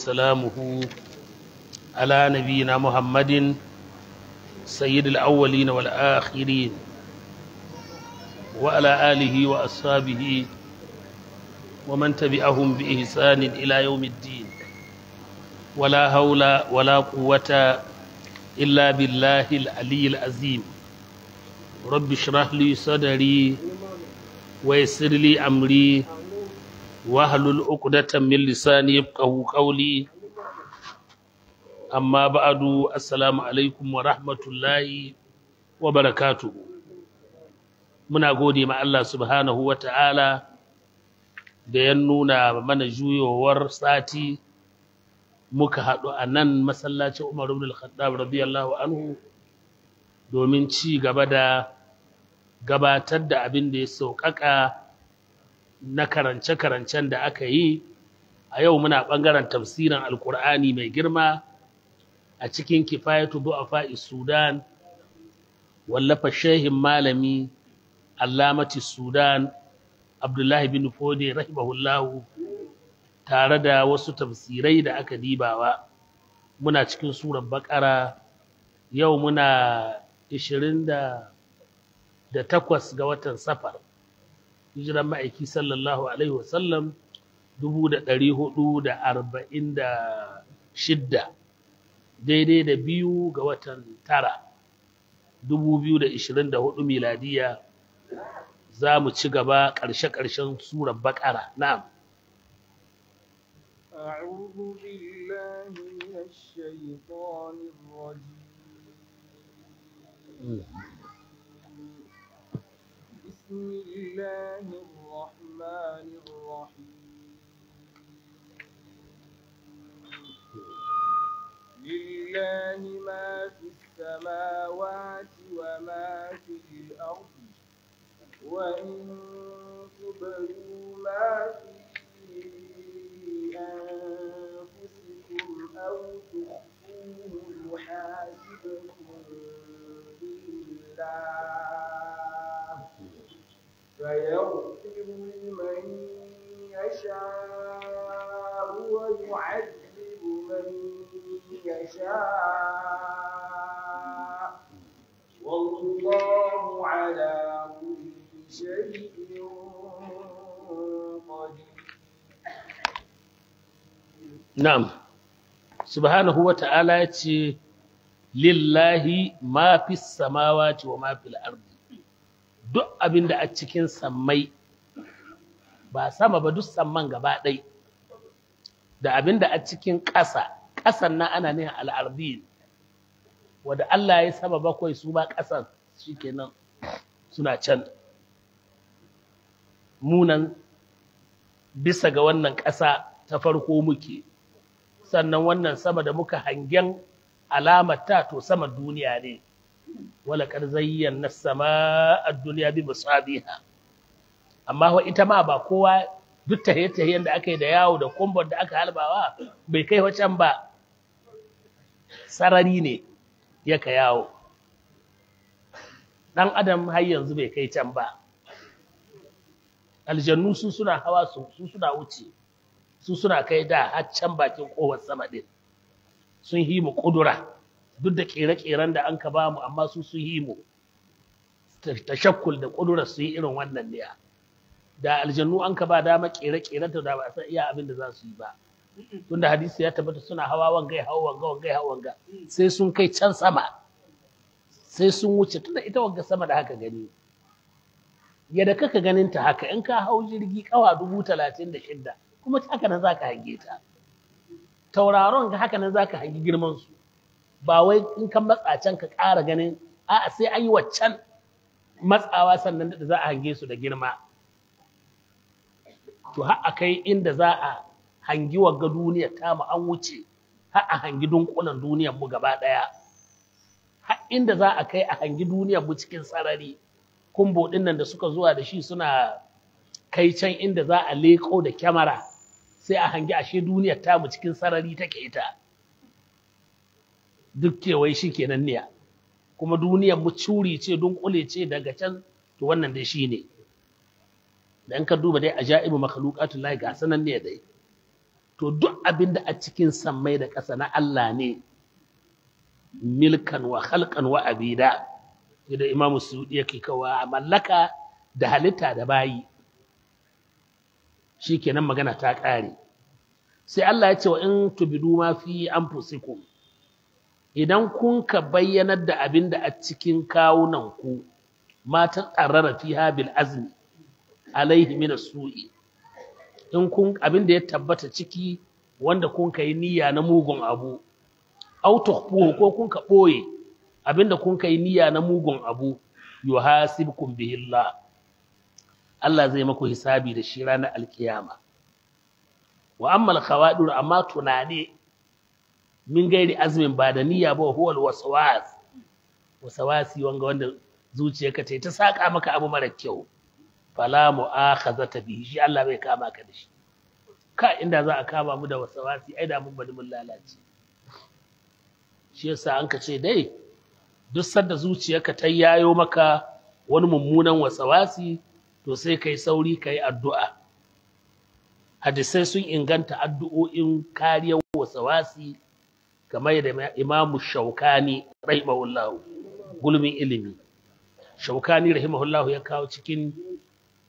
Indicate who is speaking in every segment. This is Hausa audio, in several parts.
Speaker 1: سلامه على نبينا محمد سيد الأولين والآخرين وعلى آله وأصحابه ومن تبعهم بإحسان إلى يوم الدين ولا هول ولا قوة إلا بالله العلي العظيم رب اشرح لي صدري ويسر لي أمري wahalul uqdatan min lisani yafqahu qawli amma ba'du assalamu alaikum wa rahmatullahi wa barakatuh muna gode ma Allah subhanahu wa ta'ala da ya nuna mana juyowar sati muka haɗu a nan masallacin Umar ibn al-Khattab radiyallahu anhu domin ci gaba da gabatar da abin da ya sauƙaƙa na karance-karancen da aka yi a yau muna ɓangaren tafsirin alkur'ani mai girma a cikin kifayatu du'afa sudan wallafa shehin malami allamati sudan abdullahi bin fode rahimahullahu tare da wasu tafsirai da aka dibawa muna cikin surar bakara yau muna 28 ga watan safar hijiran ma'aiki sallallahu alaihi wasallam dubu da ɗari hudu da arba'in da shidda daidai da biyu ga watan tara dubu biyu da ishirin da hudu miladiya za mu ci gaba ƙarshe-ƙarshen surar baƙara na'am
Speaker 2: أعوذ بالله من الشيطان الرجيم بسم الله الرحمن الرحيم لله ما في السماوات وما في الأرض وإن تبدوا ما في أنفسكم أو تخفوه يحاسبكم بالله فيغفر لمن يشاء ويعذب من يشاء والله على كل شيء
Speaker 1: نعم سبحانه وتعالى لله ما في السماوات وما في الأرض duk abin da a cikin sammai ba sama ba duk samman gaba ɗai da abin da a cikin ƙasa ƙasan na ana ne al'ardiyin wadda Allah ya sama bakwai su ba ƙasan shi kenan suna can munan bisa ga wannan ƙasa ta farko muke sannan wannan sama da muka hangen alamata to sama duniya ne walakar zayyana sama a duniya bi musabiha amma wa ita ma ba kowa duk tahiye-tahiyen da aka yi da yawo da kumbar da aka halbawa bai kai wacan ba sarari ne ya ka yawo ɗan adam har yanzu bai kai can ba aljannu su suna hawa su suna wuce su suna kai da har can bakin kowar sama ɗin sun hima mu ƙudura duk da ƙere keren da an ka ba mu amma su su yi mu shakkul da ƙudurar su yi irin wannan ne da aljannu an ka ba dama kere-keren ta da ba san iya abin da za su yi ba tunda hadisi ya tabbata suna hawa wanga hawa wanga wanga hawa wanga sai sun kai can sama sai sun wuce tunda ita wanga sama da haka gani da kaka ganin ta haka in ka hau jirgi kawa dubu talatin da shidda kuma haka nan za ka hange ta tauraron ga haka nan za ka hangi girman su ba wai in ka matsa can ka ƙara ganin a'a sai an yi waccan matsawa sannan da za a hange su da girma to har a kai inda za a hangi wagga duniya ta mu an wuce har a hangi dunkunan duniyar mu gaba ɗaya har inda za a kai a hangi duniyar mu cikin sarari kumbo nan da suka zuwa da shi suna kai can inda za a leƙo da kyamara sai a hangi ashe duniyar mu cikin sarari take ita duk kewai shi kenan niya kuma duniyar mu curi ce don kule ce daga can to wannan dai shi ne da ka duba dai ajaibu makhluqatul lahi ga sanan ne dai to duk abin da a cikin samai da ƙasa na Allah ne milkan wa khalqan wa abida da Imam suudi yake kawa mallaka da halitta da bayi shikenan magana ta ƙare sai Allah ya ce wa in tubidu ma fi anfusikum idan kun ka bayyanar da abin da a cikin kawunan ku matan tsarara fi habil azmi alaihi min su'i in kun abin da ya tabbata ciki wanda kun ka yi niyya na mugun abu au tuhfuhu ko kun ka boye abin da kun ka yi niyya na mugun abu yuhasibkum bihillah Allah zai maku hisabi da shi ranar alkiyama wa amma alkhawadir amma tunane min gairi azumin ba da niyya ba huwal waswas waswasi wanga wanda zuciyarka ta ta saka maka abu mara kyau fala mu'akhazata bihi shi Allah bai kama ka da shi ka inda za a kama mu da waswasi ai da mun bari mun lalace shi yasa an ka ce dai duk sanda zuciyar ka ta yayo maka wani mummunan wasawasi to sai kai sauri kai addu'a hadisai sun inganta addu'o'in kariyar wasawasi kamar da imamu shaukani rahimahullahu gulmin ilimi shaukani rahimahullahu ya kawo cikin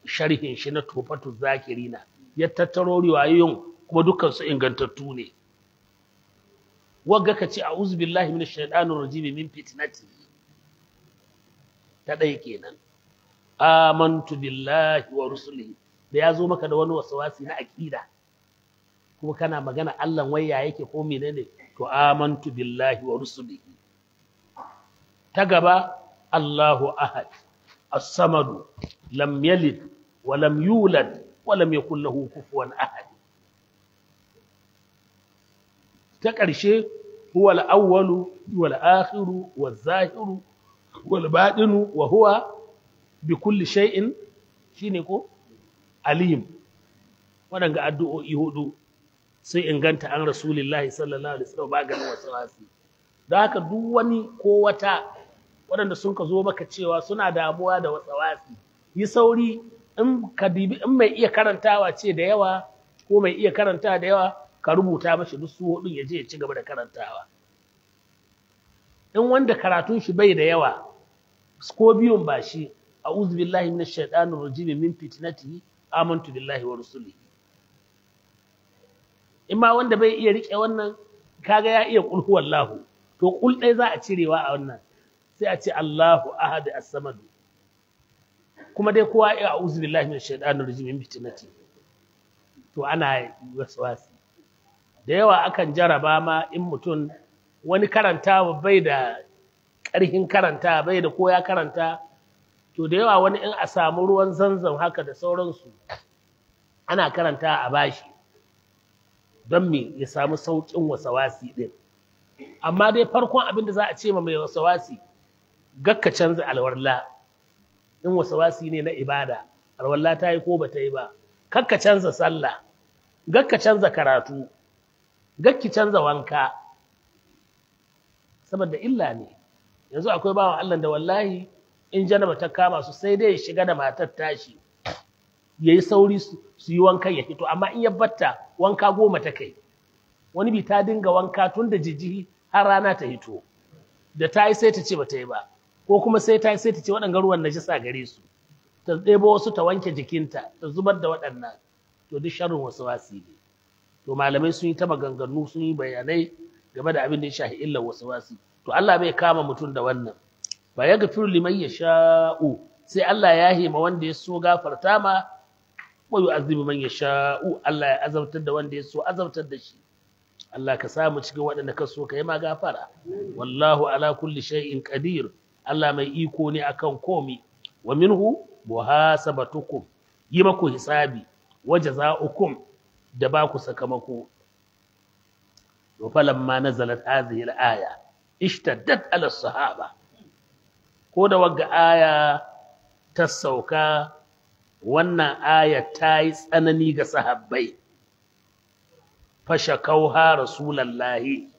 Speaker 1: sharhin shi na tofatu zakirina ya tattaro riwayoyin kuma dukkan ingantattu ne wagga ka ce a'udhu billahi minash shaitanir rajim min fitnati ta dai kenan amantu billahi wa rusulihi da ya zo maka da wani wasi na aqida kuma kana magana Allah waya yake ko menene to amantu billahi wa rusulihi ta gaba Allahu ahad as-samad lam yalid wa lam yulad wa lam yakul lahu kufuwan ahad ta ƙarshe huwa al-awwalu wal akhiru wal zahiru wal batinu wa huwa bi kulli shay'in shine ko alim waɗanga addu'o'i hudu sun inganta an rasulillahi sallallahu alaihi wasallam ba ganin wasu rasi don haka duk wani ko wata waɗanda sun ka zo maka cewa suna damuwa da wasu rasi yi sauri in ka dibi in mai iya karantawa ce da yawa ko mai iya karanta da yawa ka rubuta mashi duk su hudun ya je ya ci gaba da karantawa in wanda karatun shi bai da yawa ko biyun ba shi a'udhu billahi minash shaitanir rajim min fitnati amantu billahi wa rusulihi in ma wanda bai iya rike wannan kaga ya iya kulhu wallahu, to kul dai za a cirewa a wannan sai a ce Allahu ahad as-samad kuma dai kowa ya a'udhu billahi minash shaitanir rajim min fitnati to ana waswasi da yawa akan jaraba ma in mutun wani karantawa bai da ƙarhin karanta bai da koya karanta to da yawa wani in a samu ruwan zanzan haka da sauransu ana karanta a bashi don me ya samu sauƙin wasawasi ɗin amma dai farkon abin da za a ce ma mai wasawasi gakka canza alwarla in wasawasi ne na ibada alwarla ta yi ko ba ta yi ba kakka canza sallah gakka canza karatu gakki canza wanka saboda illa ne yanzu akwai bawan Allah da wallahi in janaba ta kama su sai dai ya shiga da matar tashi ya yi sauri su yi wankan ya fito amma in ya batta wanka goma ta kai wani bi ta dinga wanka tun da jijjihi har rana ta hito da ta yi sai ta ce ba ta yi ba ko kuma sai ta yi sai ta ce waɗanda ruwan na jisa gare su ta ɗebo wasu ta wanke jikinta ta zubar da waɗannan to duk sharrin wasu wasi ne to malamai sun yi ta maganganu sun yi bayanai game da abin da ya shafi illar wasu wasi to Allah bai kama mutum da wannan ba ya gafiru liman sha'u sai Allah ya hima wanda ya so gafarta ma wa yu'azibu man yasha'u Allah ya azabtar da wanda ya so azabtar da shi Allah ka samu cikin waɗanda ka so kai ma gafara wallahu ala kulli shay'in qadir Allah mai iko ne akan komi wa minhu muhasabatukum yi maku hisabi wa jaza'ukum da ba ku sakamako to ma na hadhihi al-aya ishtaddat ala sahaba ko da waga aya ta sauka wannan aya ta yi tsanani ga sahabbai fashakauha rasulallahi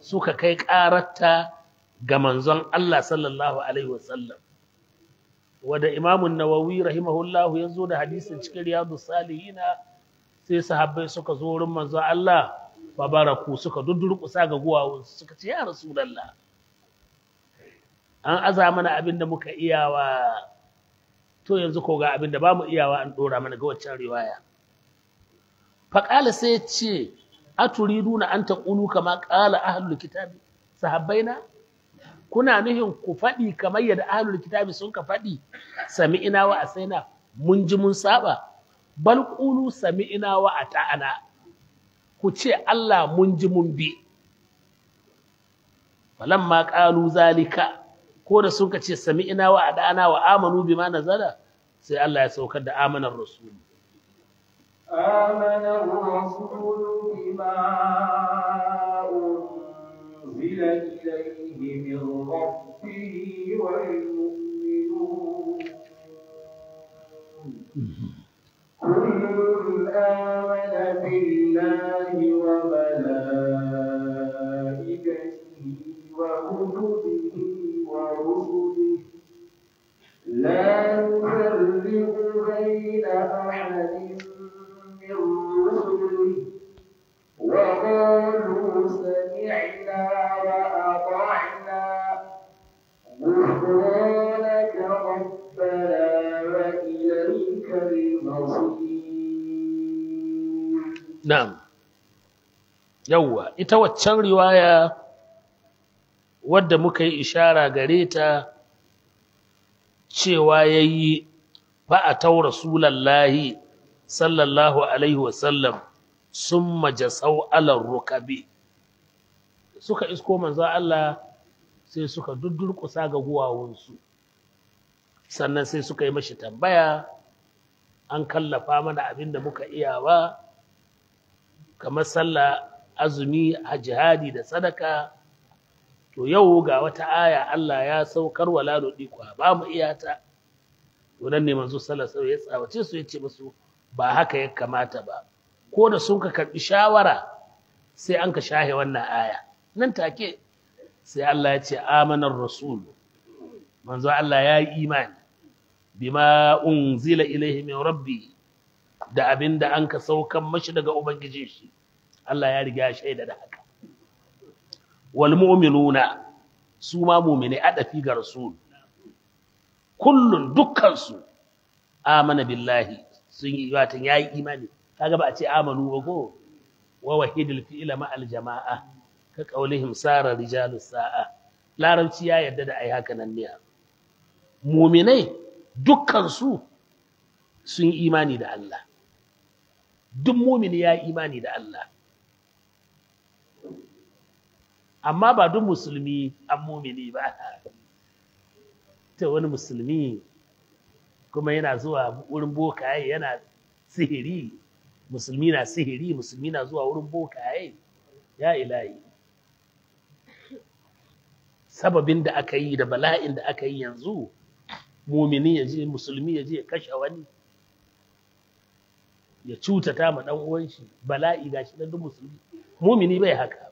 Speaker 1: suka kai ƙararta ga manzon Allah sallallahu alaihi wasallam wanda Imam Nawawi rahimahullahu ya zo da hadisin cikin Riyadu Salihina sai sahabbai suka zo wurin manzon Allah babaraku suka duddurkusa ga guwawun suka ce ya rasulullah an aza mana abin da muka iyawa to yanzu ko ga abin da ba mu iyawa an ɗora mana ga waccan riwaya faƙala sai ce a na an taƙulu kama ƙala ahalul kitabi sahabbai na kuna nuhin ku faɗi kamar yadda ahalul kitabi sun ka faɗi sami ina wa asaina mun ji mun saba bal ƙulu sami wa a ta'ana ku ce Allah mun ji mun bi walamma ƙalu zalika ko sun kace sami'na wa adana wa amanu bima nazala sai Allah ya saukar da amanar rasul
Speaker 2: amanar rasul bima unzila ilayhi min rabbihi wal mu'minun kullun amana billahi
Speaker 1: لا نفرق
Speaker 2: بين أحد من رسله وقالوا سمعنا وأطعنا غفرانك ربنا وإليك المصير
Speaker 1: نعم يوا ita waccan riwaya wadda muka yi ishara gare ta cewa ya yi ba a taura sulallahi sallallahu alaihi wasallam sun majasau alar rukabi suka isko manzo Allah sai suka duddurkusa ga guwawunsu sannan sai suka yi mashi tambaya an kallafa mana abin da muka iya ba kamar sallah azumi a jihadi da sadaka to yau ga wata aya Allah ya saukar wa lalo diku ba mu iyata to nan ne manzo sallallahu ya tsawace su ya ce musu ba haka ya kamata ba ko da sun ka karbi shawara sai an ka shahe wannan aya nan take sai Allah ya ce amanar rasul manzo Allah ya yi imani bima zila ilaihi min rabbi da abinda an ka saukan mashi daga ubangiji shi Allah ya riga ya shaida da haka wal mu'minuna su ma mu'mine adafi ga rasul kullum dukansu amana billahi sun yi watan yayi imani kaga gaba a ce amanu ba ko wa wahidul fi'la ka qaulihim sara rijalus sa'a larabci ya yarda da ai haka nan ne mu'minai dukkan sun yi imani da Allah duk mu'mini ya imani da Allah amma ba duk musulmi an mumini ba ta wani musulmi kuma yana zuwa wurin bokaye yana sihiri musulmi na sihiri musulmi na zuwa wurin bokaye ya ilahi sababin da aka yi da bala'in da aka yi yanzu mumini ya je musulmi ya je ya kashe wani ya cutata ma dan uwan shi bala'i ga shi ɗan musulmi mumini bai haka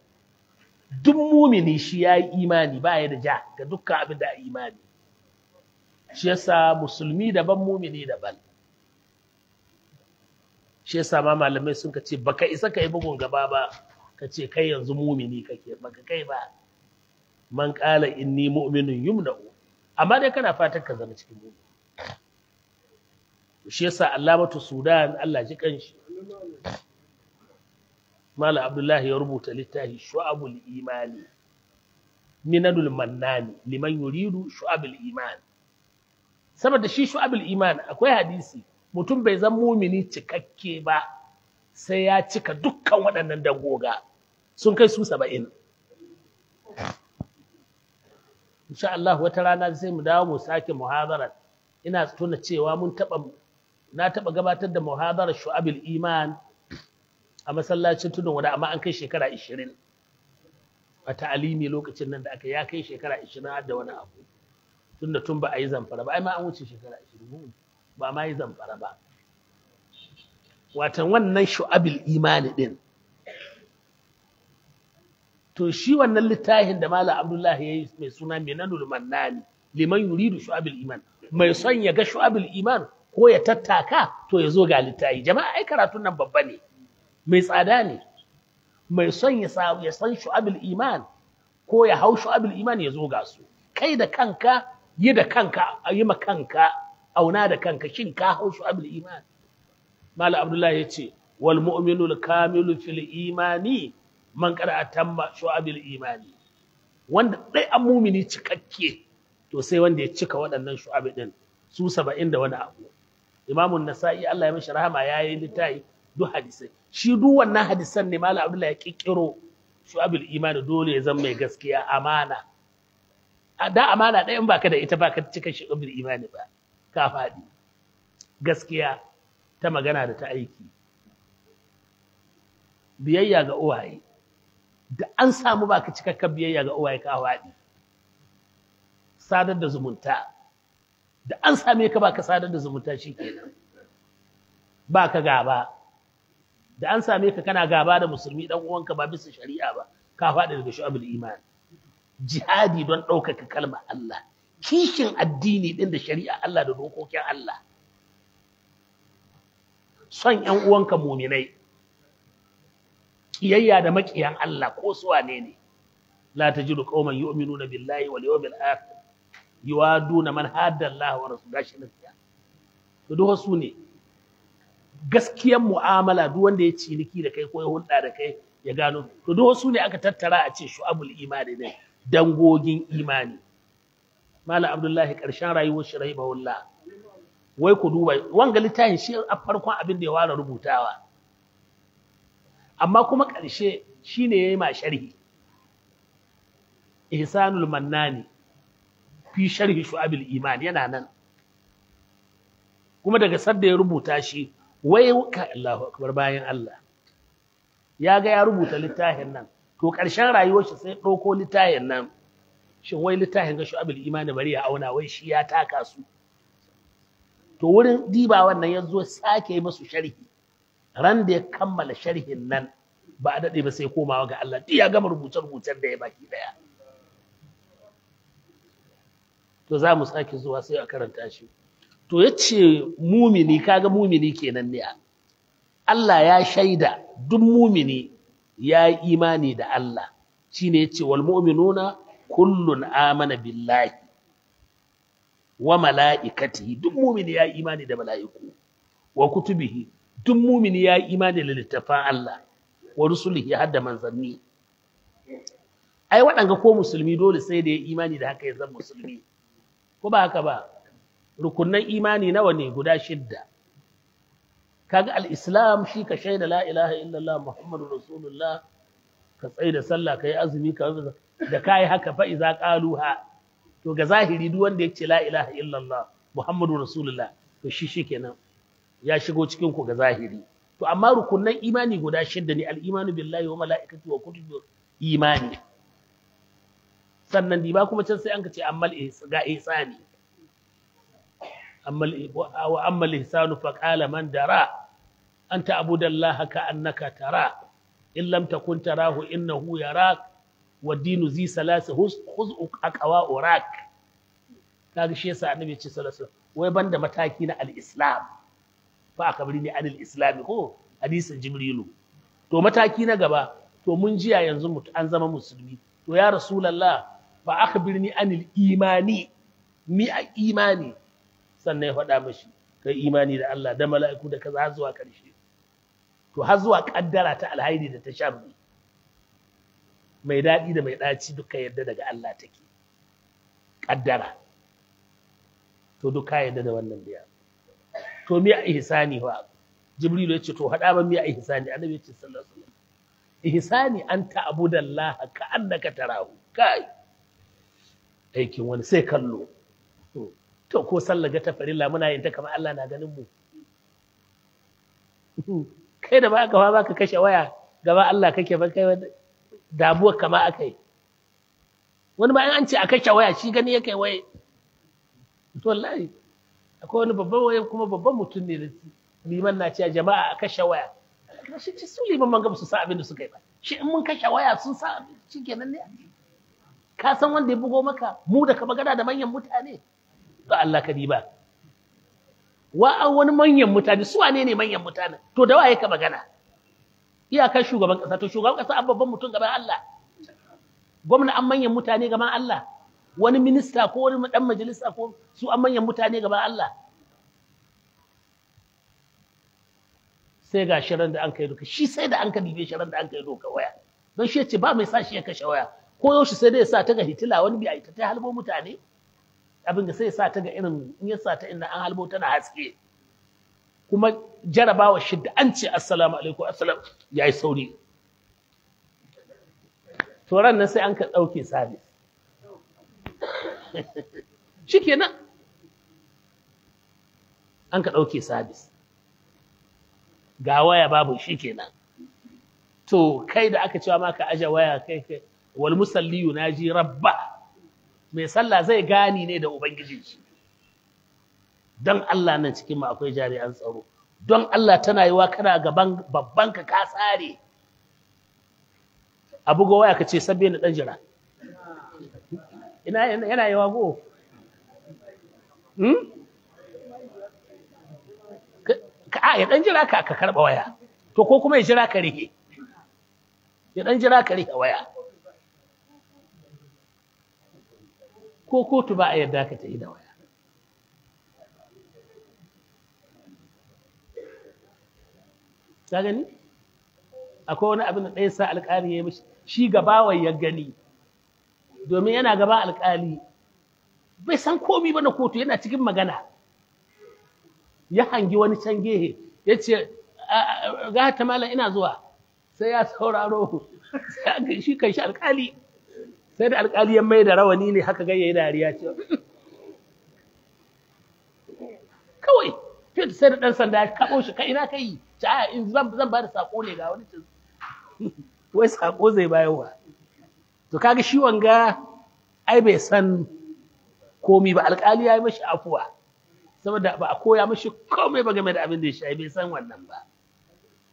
Speaker 1: duk mumini shi ya yi imani ba ya da ja ga dukkan abin da imani shi yasa musulmi daban mumini daban shi yasa ma malamai sun ka ce baka isa ka yi bugun gaba ba ka ce kai yanzu mumini kake baka kai ba man qala inni mu'minun yumna'u amma dai kana fatan ka zama cikin mumini shi yasa Allamatu Sudan Allah ji kanshi Malam Abdullahi ya rubuta littafi Shu'abul Imani Minanul Mannani liman yuridu Shu'abul Iman saboda shi Shu'abul Iman akwai hadisi mutum bai zan mumini cikakke ba sai ya cika dukkan waɗannan dangoga sun kai su saba'in insha Allah wata rana sai mu dawo mu sake muhadara? ina tuna cewa mun taba na taba gabatar da muhadarar Shu'abul Iman a masallacin tudun wada amma an kai shekara 20 a ta'alimi lokacin nan da aka ya kai shekara 20 har da wani abu tun da tun ba a yi zamfara ba ai ma an wuce shekara 20 ba ma yi zamfara ba watan wannan shu'abil imani din to shi wannan littafin da Malam Abdullahi ya yi mai suna Minanul Mannani liman yuridu shu'abil iman mai son ya ga shu'abil iman ko ya tattaka to ya zo ga littafi jama'a ai karatun nan babba ne mai tsada ne mai son ya san shu'abul iman ko ya hau shu'abul iman ya zo ga su kai da kanka yi da kanka yi ma kanka auna da kanka shin ka hau shu'abul iman malam abdullahi ya ce wal mu'minul kamilu fil imani man kada tamma shu'abul imani wanda dai an mumini cikakke to sai wanda ya cika waɗannan shu'abi din su 70 da wani abu imamun nasa'i Allah ya mishi rahama yayi littafi duk hadisai shi duk wannan hadisan ne malam abdullahi ya kikkiro shu'abul imani dole ya zama mai gaskiya amana da amana ɗaya in baka da ita baka cika shu'abul imani ba ka faɗi gaskiya ta magana da ta aiki biyayya ga uwaye da an samu baka cikakken biyayya ga uwaye ka faɗi sadar da zumunta da an same ka baka sadar da zumunta shi kenan baka gaba da an same ka kana gaba da musulmi dan uwanka ba bisa shari'a ba ka faɗi daga shu'abul iman jihadi don ɗaukaka kalmar Allah kishin addini ɗin da shari'a Allah da dokokin Allah son ƴan uwanka muminai kiyayya da makiyan Allah ko su wane ne la tajidu qauman yu'minuna billahi wal yawmil akhir yuwaduna man hadda Allah wa rasulahu gashi nan to duk su ne gaskiyar mu'amala duk wanda ya ciniki da kai ko ya hulɗa da kai ya gano to duk wasu ne aka tattara a ce shu'abul imani ne dangogin imani malam abdullahi karshen rayuwar shi rahimahullah wai ku duba wanga littafin shi a farkon abin da ya wara rubutawa amma kuma karshe shine yayi ma sharhi ihsanul mannani fi sharhi shu'abul imani yana nan kuma daga sadda ya rubuta shi wai ka Allahu akbar bayan Allah ya ga ya rubuta littafin nan to karshen rayuwar shi sai ɗauko littafin nan shin wai littafin ga shu'abul imani bari ya auna wai shi ya taka su to wurin diba wannan ya zo sake masu sharhi ran da ya kammala sharhin nan ba a dade ba sai komawa ga Allah duk ya gama rubuce rubutar da ya baki daya to za mu sake zuwa sai a karanta shi to ya ce mumini kaga mumini kenan ne Allah ya shaida duk mumini ya yi imani da Allah shine ce wal mu'minuna kullun amana billahi wa mala'ikatihi duk mumini ya yi imani da mala'iku wa kutubihi duk mumini ya yi imani da littafan Allah wa rusulihi har da manzanni ai waɗanga ko musulmi dole sai da ya imani da haka ya zama musulmi ko ba haka ba rukunan imani nawa ne guda shidda kaga al-islam shi ka shaida la ilaha illallah muhammadur rasulullah ka tsaya da sallah kai azumi ka da kai haka fa iza qaluha to ga zahiri duk wanda yace la ilaha illallah muhammadur rasulullah to shi shikenan ya shigo cikin ku ga zahiri to amma rukunan imani guda shidda ne al-imanu billahi wa malaikatihi wa kutubi imani sannan diba kuma can sai an ka ce ammal ga isani wa amma lisanu fa qala man dara anta abudallaha ka annaka tara in lam takun tarahu innahu yarak wa dinu zi salasa khuz'u aqwa urak kaga shi yasa annabi ce sallallahu alaihi wai banda mataki na al-islam fa akabrini anil islam ko hadisin jibrilu to mataki na gaba to mun jiya yanzu an zama musulmi to ya rasulullah fa birni anil imani mi a imani sannan ya faɗa mashi kai imani da Allah da mala'iku da kaza har zuwa ƙarshe to har zuwa ƙaddara ta alhairi da ta sharri mai daɗi da mai ɗaci duka yadda daga Allah take ƙaddara to duka yadda da wannan biya to me ihsani wa jibril ya ce to haɗa ba a ihsani annabi ya ce sallallahu alaihi wasallam ihsani an ta'budallaha ka annaka tarahu kai aikin wani sai kallo to ko sallah ga ta muna yin ta kamar Allah na ganin mu kai da ba ba ka kashe waya gaba Allah kake ba kai damuwa kama akai wani ba an ce a kashe waya shi gani yake waye to wallahi akwai wani babban waya kuma babban mutum ne da liman na cewa jama'a a kashe waya shi ce su liman man su sa abin da suka yi ba shi in mun kashe waya sun sa shi kenan ne ka san wanda ya bugo maka mu da ka magana da manyan mutane Ba Allah kadi ba wa an wani manyan mutane su wane ne manyan mutane to da waye ka magana iyakar shugaban kasa to shugaban kasa an babban mutum gaban Allah gwamna an manyan mutane gaban Allah wani minista ko wani dan majalisa ko su an manyan mutane gaban Allah sai ga shirin da an kai doka shi sai da an ka bibe shirin da an kai doka waya don shi ya ce ba mai sa shi ya kashe waya ko yaushe sai dai ya sa ta ga hitila wani bi a ita ta halbo mutane abin da sai sa ta ga irin in ya sa ta inda an halbo tana haske kuma jarabawa shidda an ce assalamu alaikum assalam yayi sauri to ran nan sai an ka dauke sabis shikenan an ka dauke sabis ga waya babu shikenan to kai da aka cewa maka aja waya kai kai wal musalli yunaji rabba mai sallah zai gani ne da ubangijin shi don Allah nan cikin mu akwai jami'an tsaro don Allah tana yiwa kana gaban babban ka ka tsare a buga waya ka ce sabbe ni dan jira ina yana yawa go hmm? ka a ya dan jira ka ka karba waya to ko kuma ya jira ka rike ya dan jira ka rike waya ko kotu ba a yarda ka ta yi da waya ta gani akwai wani abin da ɗaya sa alƙali ya yi mashi, shi gabawai ya gani domin yana gaba alƙali bai san komi ba na kotu yana cikin magana ya hangi wani can gehe ya ce ga ta malam ina zuwa sai ya sauraro shi kan shi alƙali sai da alƙali ya mai da rawani ne haka gayyayi dariya ce kawai fit sai da ɗan sanda ya kaɓo shi ka ina ka yi ci a in zan zan ba da saƙo ne ga wani wai saƙo zai wa to kaga shi wanga ai bai san komi ba alƙali ya yi mashi afuwa saboda ba a koya mashi komai ba game da abin da ya shi bai san wannan ba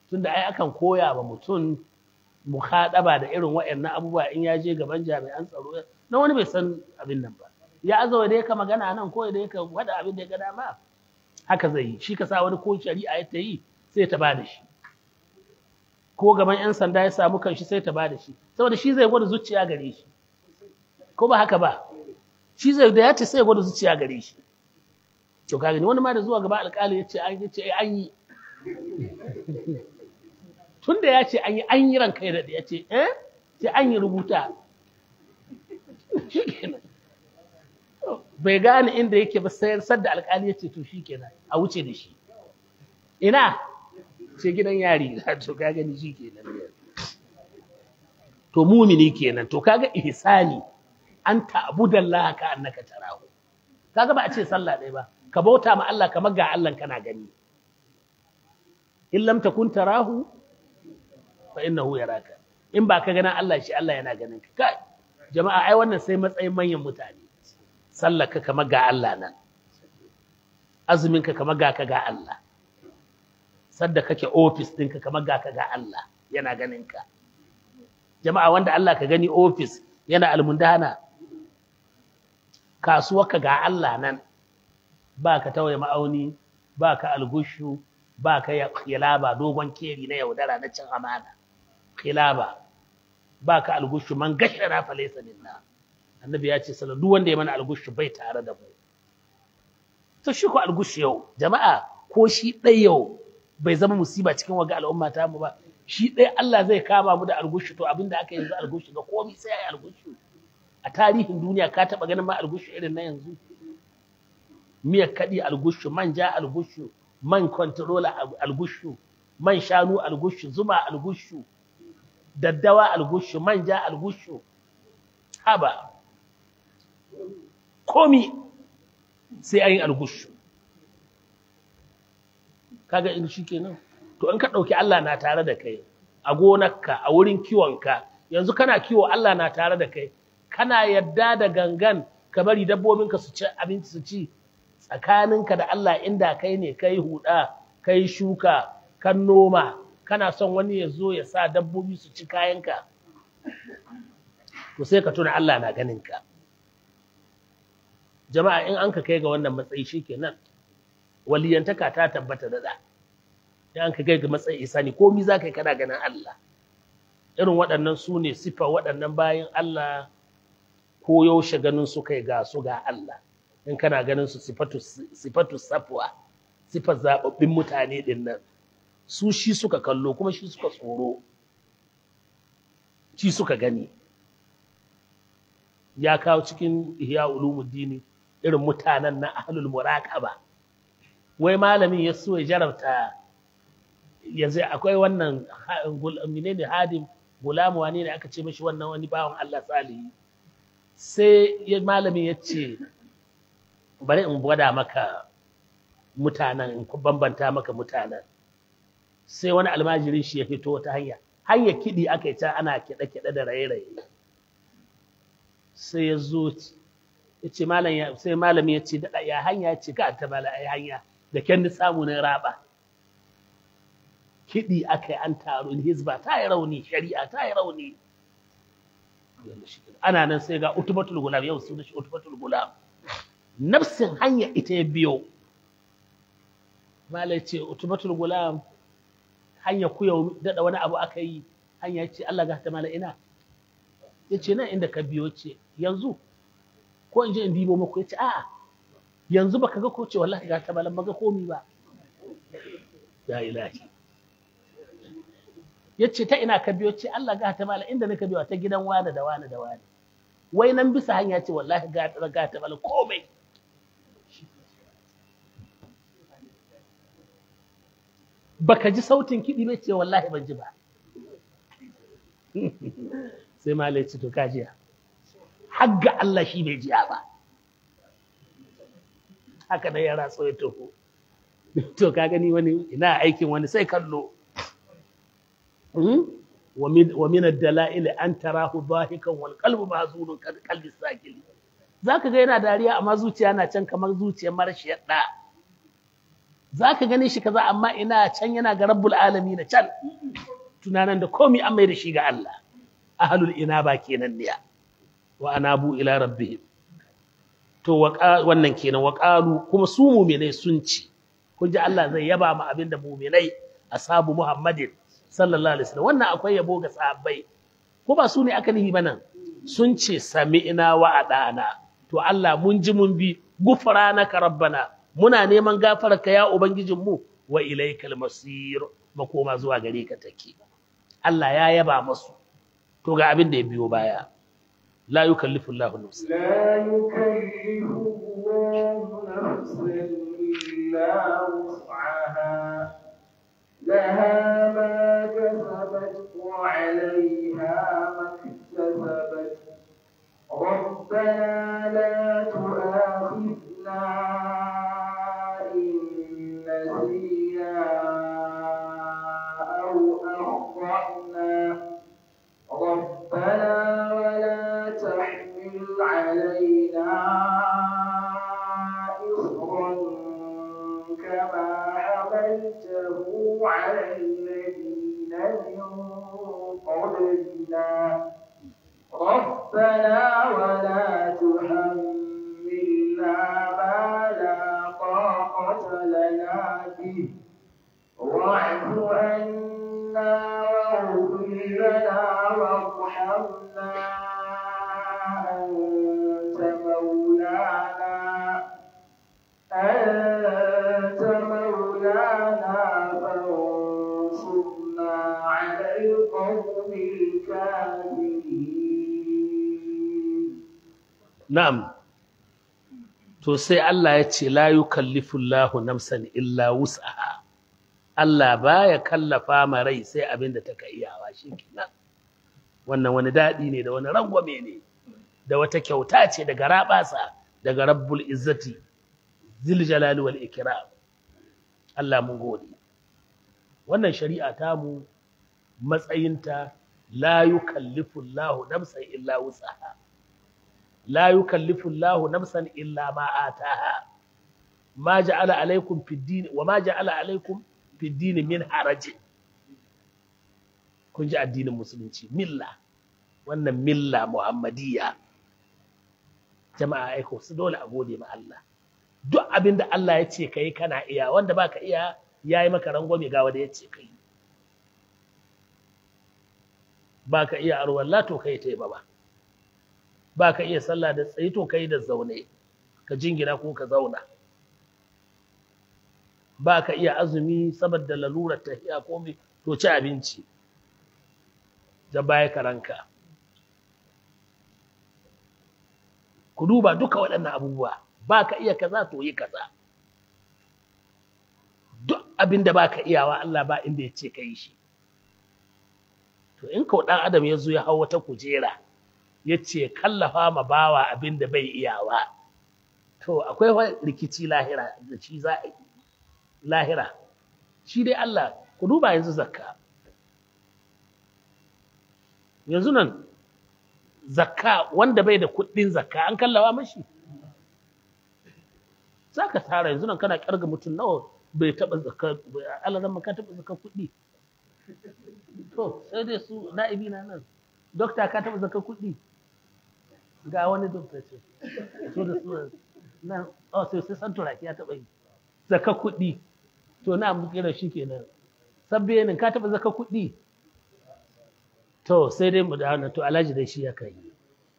Speaker 1: tunda ai akan koya ba mutum ba da irin wa'annan abubuwa in ya je gaban jami'an tsaro na wani bai san abin nan ba ya azawa da yaka magana nan ko da yaka wada abin da ya gada ma haka zai yi shi ka sa wani ko shari'a ya ta yi sai ta bada shi ko gaban yan sanda ya samu kanshi sai ta bada shi saboda shi zai gwada zuciya gare shi ko ba haka ba shi zai da ya ce sai gwada zuciya gare shi to ka gani wani ma da zuwa gaba alƙali ya ce an yi tun da ya ce an yi an yi ranka da ya ce eh sai an yi rubuta shikenan bai gane inda yake ba sai sadda alƙali ya ce to shikenan a wuce da shi ina ce gidan yari to ka gani shikenan to mumini kenan to kaga ihsani an ta'budallaha ka annaka tarahu kaga ba a ce sallah ɗaya ba ka bauta ma Allah kamar ga Allah kana gani in lam takun tarahu fa innahu yaraka in ba ka gana Allah shi Allah yana ganin ka kai jama'a ai wannan sai matsayin manyan mutane sallaka kamar ga Allah nan azumin ka kamar ga ka ga Allah sadda kake office ɗinka kamar ga ka ga Allah yana ganin ka jama'a wanda Allah ka gani office yana almundana kasuwar ka ga Allah nan ba ka tawaye ma'auni ba ka algushu ba ka yalaba dogon keri na yaudara na cin amana khilaba baka algushu man gashara fa laysa minna annabi ya ce sallallahu duk wanda ya mana algushu bai tare da mu to shi ko algushu yau jama'a ko shi dai yau bai zama musiba cikin waga al'umma ta mu ba shi dai Allah zai kama mu da algushu to abinda aka yanzu algushu ga komai sai ai algushu a tarihin duniya ka taba ganin ma algushu irin na yanzu miyar kaɗi algushu ja algushu man controller algushu man shanu algushu zuma algushu daddawa algushu manja algushu haba komi sai an algushu kaga in shi kenan to in ka ɗauki Allah na tare da kai a gonarka a wurin kiwon ka, yanzu kana kiwo Allah na tare da kai kana yadda da gangan ka bari dabbobinka su ci abinci su ci tsakaninka da Allah inda kai ne kai huda kai shuka kan noma kana son wani ya zo ya sa dabbobi su ci kayanka to sai ka tuna Allah na ganinka jama'a in an ka kai ga wannan matsayi shikenan waliyantaka ta tabbata da in an ka kai ga matsayi isani komi za ka kana ganin Allah irin waɗannan su ne sifa waɗannan bayan Allah ko yaushe ganin su kai ga su ga Allah in kana ganin su sifatu safwa sifar zaɓaɓɓin mutane dinnan. su shi suka kallo kuma shi suka tsoro shi suka gani ya kawo cikin ihya ulumuddini irin mutanen na ahlul muraqaba wai malamin ya so ya jarabta yanzu akwai wannan menene hadim gulamu wani ne aka ce mashi wannan wani bawan Allah salihi sai malamin ya ce bari in gwada maka mutanen in bambanta maka mutanen sai wani almajirin shi ya fito wata hanya hanya kiɗi aka yi ta ana kiɗe-kiɗe da raye-raye sai ya zo ya ce malam sai malam ya ce daɗa ya hanya ya ce ka ta bala ai hanya da da samu na raba kiɗi aka yi an taro hizba ta yi rauni shari'a ta yi rauni ana nan sai ga utubatul gulam yau sunan shi utubatul gulam nafsin hanya ita ya biyo malai ce utubatul gulam hanya yau daɗa wani abu aka yi hanya ce Allah ga ta mala ina ya ce nan inda ka biyo ce yanzu ko in je in dibo maku ya ce a'a yanzu baka ga ko ce wallahi ga ta mala ga komi ba ya ilahi ya ce ta ina ka biyo ce Allah ga ta mala inda naka biyo ta gidan wani da wani da wani wai nan bisa hanya ce wallahi ga ta mala komai baka ji sautin kiɗi ba ce wallahi ban ji ba sai malai ci to kajiya hagga Allah shi bai jiya ba haka da yara so ya toho to ka gani wani ina aikin wani sai kallo hmm? wa min ad-dala'il an tarahu dhahikan wal qalbu mahzunun kad qalbi sakili zaka ga yana dariya amma zuciya na can kamar zuciyar marashiyar da Zaka ka gane shi kaza amma ina can yana ga rabbul alami na can tunanan da komi an mai da shi ga Allah ahlul ina ba kenan niya wa anabu ila rabbihim to wannan kenan wa kuma su mu'minai sun ci kun Allah zai yaba mu abin da mu'minai ashabu muhammadin sallallahu alaihi wasallam wannan akwai yabo ga sahabbai ko ba su ne aka nihi ba nan sun ce sami inawa wa adana to Allah mun ji mun bi gufranaka rabbana muna neman gafararka ya ubangijinmu wa ilaikal masir makoma zuwa gare ka take Allah ya yaba masu to ga abin da ya biyo baya la yukallifu Allahu nafsan
Speaker 2: la yukallifu Allahu nafsan
Speaker 1: to sai Allah ya ce la yukallifullahu Namsan illa wus'aha Allah baya kallafa ma rai sai abin da ta iyawa shikenan wannan wani dadi ne da wani rangwame ne da wata kyauta ce daga rabasa daga rabbul izzati zil jalali wal ikram Allah mun gode wannan shari'a ta mu matsayinta la yukallifu Allahu Namsan illa wus'aha la yukallifu Allahu nafsan illa ma ataha ma wa ma ja'ala alaikum fid min haraji kun ji addinin musulunci milla wannan milla muhammadiyya jama'a aiko su dole a gode ma Allah duk abin da Allah ya ce kai kana iya wanda baka iya ya yi maka rangwame ga wanda ya ce kai baka iya arwalla lato kai ta yi ba ba ka iya sallah da tsaye to kai da zaune ka jingina ko ka zauna ba ka iya azumi saboda lalurar tahiya ko mai to ci abinci da baya karanka ku duba duka waɗannan abubuwa ba ka iya kaza to yi kaza duk abin da ba ka iyawa Allah ba inda ya ce ka yi shi to in kau ɗan adam ya zo ya hau wata kujera ya ce kallafa ma bawa abin da bai iyawa to akwai rikici lahira da shi za a yi lahira shi dai Allah ku duba yanzu zakka yanzu nan zakka wanda bai da kuɗin zakka an kallawa mashi za ka tara yanzu nan kana ƙarga mutum nawa bai taɓa zakka zama ka taɓa zakka kuɗi to sai dai su na'ibi na nan dokta ka taɓa zakka kuɗi ga wani dumface su da su na oh sai sai santura ya taba yi zaka kuɗi to na mu kira shi kenan sabbe ne ka taba zaka kuɗi to sai dai mu da to alhaji dai shi ya kai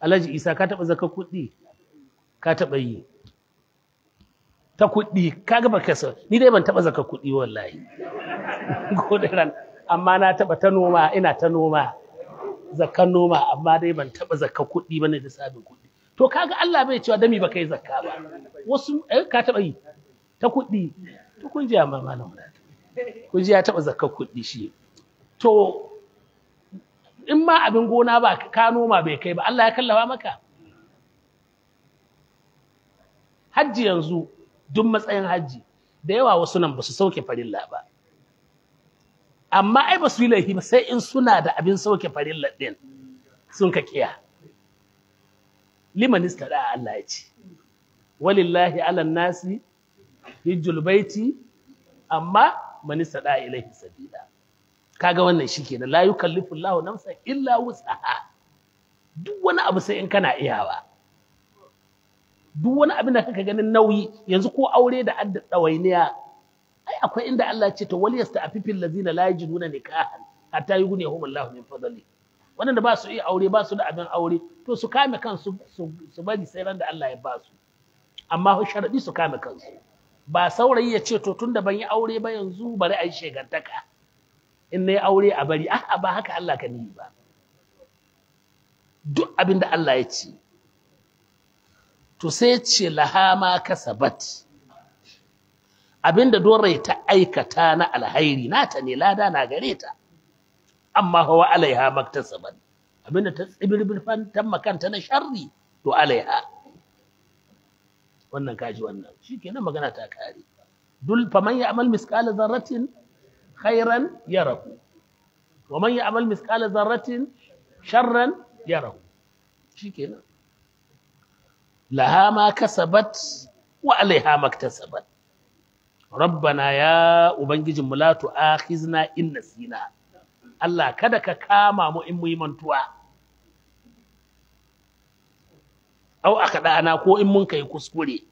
Speaker 1: alhaji isa ka taba zaka kuɗi ka taba yi ta kuɗi kaga ba kasa ni dai ban taba zaka kuɗi wallahi ko da ran amma na taba ta noma ina ta noma zakkan noma amma dai ban taɓa zakka kuɗi ba da sabin kuɗi to kaga Allah bai cewa dami baka kai zakka ba wasu eh ka taɓa yi ta kuɗi to kun ji amma malam kun ji ya taɓa zakka kuɗi shi to in ma abin gona ba ka noma bai kai ba Allah ya kallawa maka hajji yanzu duk matsayin hajji da yawa wasu nan ba su sauke farilla ba amma ai ba su yi laifi ba sai in suna da abin sauke farin din sun ka kiya liman da Allah ya ce walillahi ala nasi hijjul baiti amma man istada ilaihi sabila kaga wannan da la yukallifu Allahu nafsa, illa wus'aha duk wani abu sai in kana iyawa duk wani abin da kaka ganin nauyi yanzu ko aure da adda ɗawainiya ai akwai inda Allah ya ce to wal yasta'fifil ladzina la yajiduna nikahan hatta hum Allahu min fadli da ba su iya aure ba su da abin aure to su kame kansu su bari sai ran da Allah ya ba su amma sharadi su kame kansu ba saurayi ya ce to tunda ban yi aure ba yanzu bari a yi shegantaka in na yi aure a bari a'a ba haka Allah ka nihi ba duk abin da Allah ya ce to sai ce laha ma kasabat abinda dore ta aikata na alhairi nata ne lada na gare ta amma hawa alaiha maktasaban abinda ta tsibirbirfan ta makanta na sharri to alaiha wannan kaji wannan shikenan magana ta kare dul faman ya'mal misqala dharratin khairan yarahu wa man ya'mal misqala dharratin sharran yarahu shikenan laha ma kasabat wa alaiha maktasabat rabbana ya ubangijin mu la tu'akhizna in nasina Allah kada ka kama mu in muyi mantuwa au aka dana ko in mun kai kuskure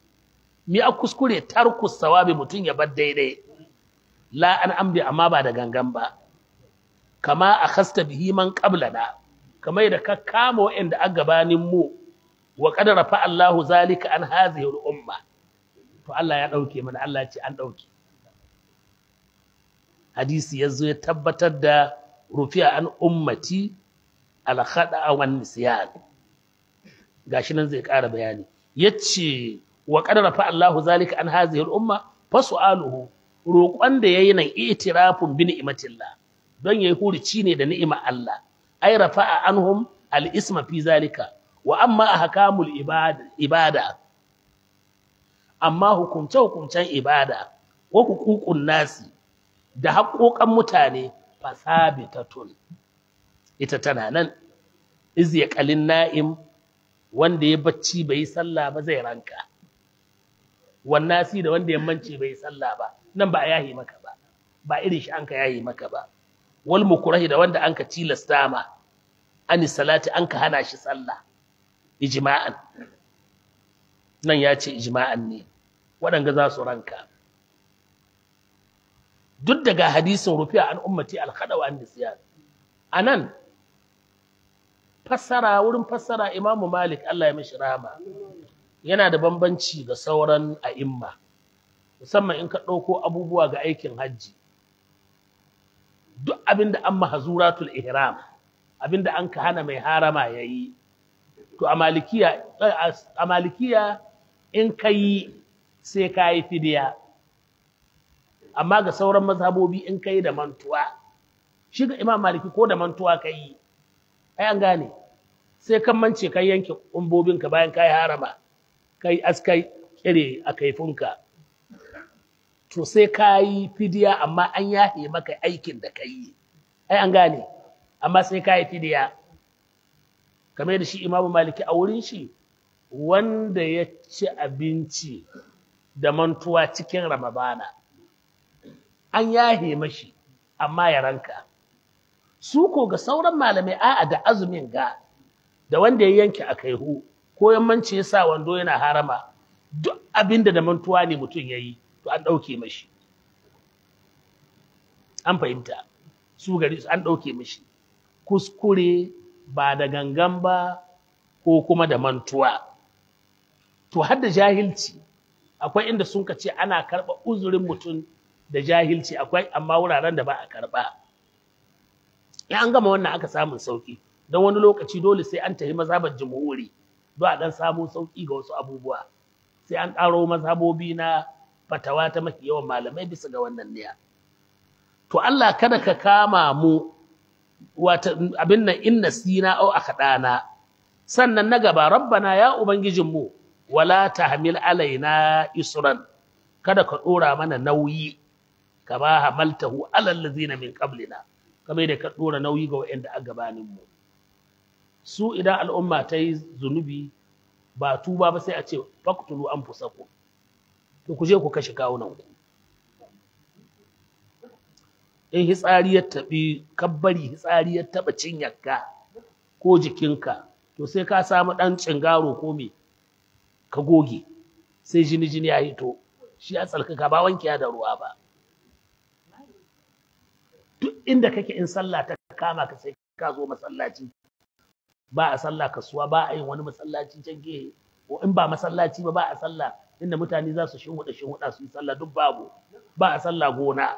Speaker 1: mi a kuskure tarku sawabi mutun ya bar daidai la an amdi amma ba da gangan ba kama akhasta bihi man qablana Kamai da ka kama wa'anda a gabanin mu wa qad rafa Allahu zalika an hadhihi al-umma to Allah ya ɗauke mana Allah ya ce an ɗauke hadisi ya ya tabbatar da rufiya an ummati alkhada wan nisyan gashi nan zai ƙara bayani yace wa qad rafa Allahu zalika an hazihi al-umma fa su'aluhu roƙon da yayi nan itirafin bi ni'matillah don yayi hurici ne da ni'ima Allah ai rafa'a anhum al-isma fi zalika wa amma ahkamul ibada ibada amma hukunce-hukuncen ibada ko hukukun nasi da haƙoƙan mutane tun. ita tana nan iz ya na'im wanda ya bacci bai yi sallah ba zai ranka nasi da wanda ya mance bai yi sallah ba nan ba a yahi maka ba ba irin shi an ka yahi maka ba wal mukrahi da wanda an ka tilasta ma ani salati an ka hana shi sallah ijma'an nan ya ce ijma'an ne waɗanda za su ranka duk daga hadisin rufiya an ummati alkhada wa annisiyan anan fassara wurin fassara imamu malik Allah ya mishi rahama yana da bambanci ga sauran a'imma musamman in ka ɗauko abubuwa ga aikin hajji duk abinda an mahazuratul ihram abinda an ka hana mai harama yayi to a malikiya a malikiya in ka yi sai ka yi fidiya amma ga sauran mazhabobi in kai da mantuwa shi ga imam maliki ko da mantuwa ka yi ai an gane sai kan mance ka yanke umbobinka bayan ka yi harama ka yi askai kire a kaifunka to sai ka yi fidiya amma an yahe maka aikin da ka yi ai an gane amma sai ka yi fidiya kamar da shi imam maliki a wurin shi wanda ya ci abinci da mantuwa cikin ramabana an yahe mashi amma ya ranka su ko ga sauran malamai a'a da azumin ga da wanda ya yanke a kaihu ko yammanci ya sa wando yana harama duk abinda da mantuwa ne mutum ya yi to an ɗauke mashi an fahimta su gari an ɗauke mashi kuskure ba da gangan ba ko kuma da mantuwa to har da jahilci akwai inda sun ka ce ana karɓa uzurin mutum da jahilci akwai amma wuraren da ba a karɓa in an gama wannan aka samun sauki don wani lokaci dole sai an tafi mazhabar jamhuri don a dan samu sauki ga wasu abubuwa sai an ƙaro mazhabobi na fatawa ta mafi yawan malamai bisa ga wannan niyya to Allah kada ka kama mu wata abin nan inna sina au akadana sannan na gaba rabbana ya ubangijin mu wala tahmil alaina isran kada ka dora mana nauyi kama hamaltahu alal ladina min qablina kamar da ka dora nauyi ga waɗanda a gabanin mu su idan al'umma ta yi zunubi ba tuba ba sai a ce faktulu anfusakum to ku je ku kashe kawunan ku in hitsari ya tabi kabbari hitsari ya taɓa cinyarka ko jikinka to sai ka samu ɗan cingaro ko me ka goge sai jini jini ya hito shi ya tsalkaka ba wanke ya da ruwa ba duk inda kake in sallah ta kama ka sai ka zo masallaci ba a sallah kasuwa ba a yin wani masallaci can gehe ko in ba masallaci ba ba a sallah inda mutane za su shinhuda shinhuda su yi sallah duk babu ba a sallah gona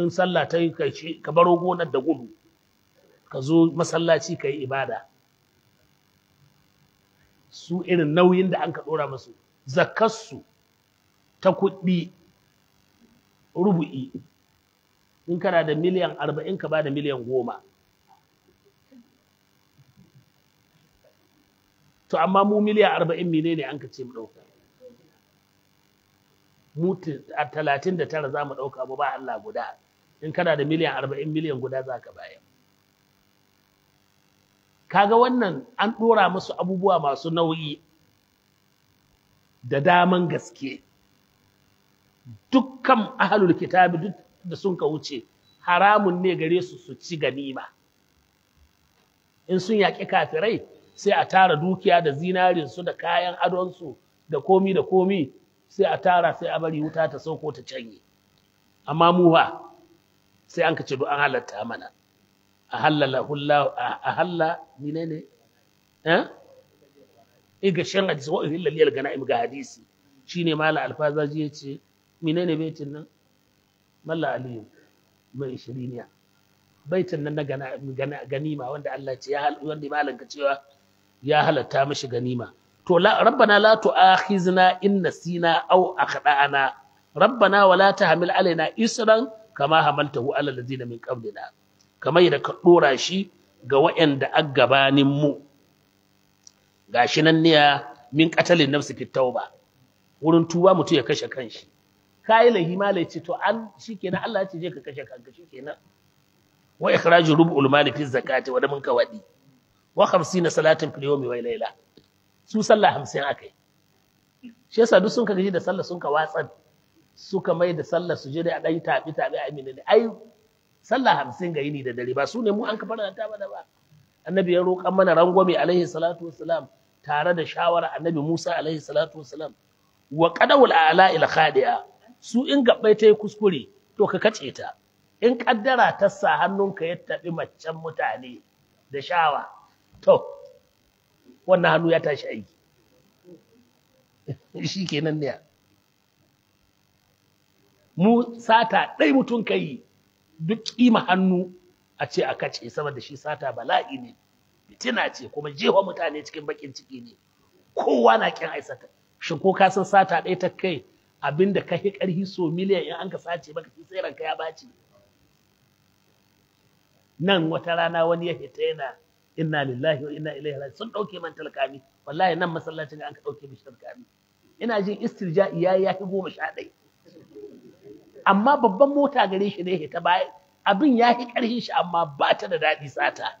Speaker 1: in sallah ta yi ka baro gonar da gudu ka zo masallaci ka yi ibada su irin nauyin da anka ɗora musu zakarsu ta kuɗi rubu'i in kana da miliyan arba'in ka ba da miliyan goma to amma mu miliyan arba'in mine ne an ka ce mu ɗauka mu a talatin da tara za mu ɗauka mu ba Allah guda in kana da miliyan arba'in miliyan guda za ka bayar kaga wannan an ɗora musu abubuwa masu nauyi da daman gaske dukkan ahalul kitabi duk da sun ka wuce haramun ne gare su su ci ganima in sun yaƙi kafirai sai a tara dukiya da zinarin su da kayan adonsu da komi da komi sai a tara sai a bari wuta ta sauko ta canye amma mu ba sai an ka ce an halatta mana ahallahu Allah ahalla menene eh iga shan hadisi wa illa liyal ganaim ga hadisi shine mala ji yace menene baitin nan malla aliyu mai shirinya baitin nan na ganima wanda Allah ce ya hal wanda malanka cewa ya halatta mishi ganima to la rabbana la tu'akhizna in nasina aw akhdana rabbana wala tahmil alaina isran kama hamaltahu ala alladhina min qablina kamar da ka ɗora shi ga waɗanda aggabanin mu shi nan ne min qatalin nafsi fitau ba. wurin tuba mutum ya kashe kanshi kai lahi malai ce to an shikenan Allah ya ce je ka kashe kanka shikenan wa ikhraju rub'ul mali fi zakati wa da mun kawadi wa 50 salatin fil yawmi wa layla su sallah 50 akai shi yasa duk sun ka gaji da sallah sun ka watsar suka mai da sallah su je da dan tabi tabi a minne ai sallah hamsin ga yini da dare ba su ne mu an ta ba da ba annabi ya roƙa mana rangwame alaihi salatu wassalam tare da shawara annabi Musa alaihi salatu wassalam wa qadawul a'la ila khadi'a su in gabbai ta yi kuskure to ka kace ta in kaddara ta sa hannunka ya tabi macen mutane da shawa to wannan hannu ya tashi aiki shi kenan ne mu sata ɗai mutum ka duk kima hannu a ce a kace saboda shi sata bala'i ne fitina ce kuma jefa mutane cikin bakin ciki ne kowa na kin aisata shin ko ka san sata ɗaya ta kai abinda ka hi ƙarhi so miliyan in an ka sace baka shi sai ranka ya baci nan wata rana wani ya hita yana inna lillahi wa inna ilaihi raji sun ɗauke man talkami wallahi nan masallacin an ka ɗauke mishi talkami ina jin istirja'i yayi ya fi goma sha ɗaya amma babban mota gare shi ne ta baya abin ya fi ƙarfin shi amma ba ta da daɗi sata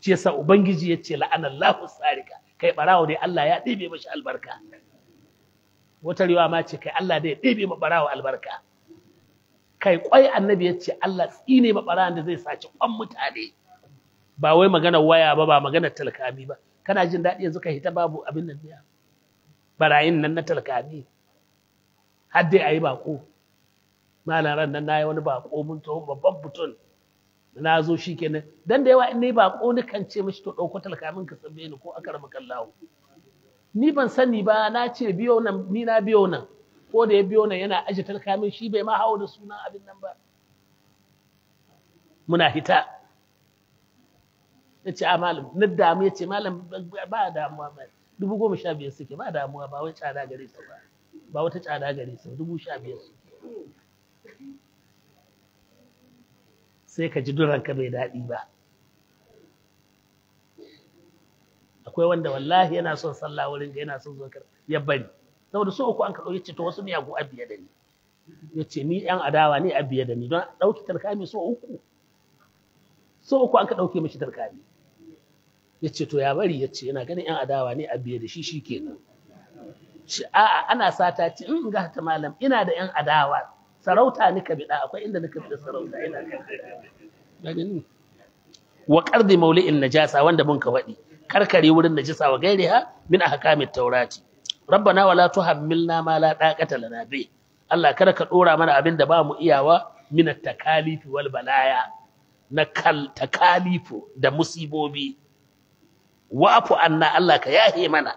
Speaker 1: shi yasa ubangiji ya ce la'anallahu sarika kai barawo ne Allah ya ɗebe mashi albarka wata riwa ma ce kai Allah dai ɗebe ma barawo albarka kai kwai annabi ya ce Allah tsine ma barawan da zai saci kwan mutane ba wai magana waya ba ba magana talkami ba kana jin daɗi yanzu ka hita babu abin nan biya barayin nan na talkami har dai ayi bako na ran nan nayi wani bako mun taho babban butun na zo shi kenan dan da yawa in ni bako ni kan ce mishi to dauko talakamin ka tsabe ni ko akara makallahu ni ban sani ba na ce biyo nan ni na biyo nan ko da ya biyo nan yana aje talakamin shi bai ma hawo da sunan abin nan ba muna hita yace a malam na damu yace ce malam ba damuwa ba dubu goma sha biyar suke ba damuwa ba wai tsada gare su ba ba wata tsada gare su dubu sha biyar sai ka ji duranka bai daɗi ba akwai wanda wallahi yana son sallah wurin ga yana son zuwa ya bari saboda so uku an ka ɗauki to wasu miyagu a biye da ni ya ce ni yan adawa ne a biye da ni don ɗauki tarkami so uku so uku an ka ɗauke mishi tarkami ya ce to ya bari ya ce yana ganin yan adawa ne a biye da shi shi kenan a'a ana sata ci in mm, ga ta malam ina da yan adawa sarauta nika bida akwai inda nika bida sarauta ina ganin wa qardi mawli'in najasa wanda mun ka wadi karkare wurin najasa wa gairiha min ahkamit taurati rabbana wala tuhammilna ma la taqata lana bi Allah kada ka dora mana abin da ba mu iyawa min takalifi wal balaya na kal takalifu da musibobi wa afu anna Allah ka yahe mana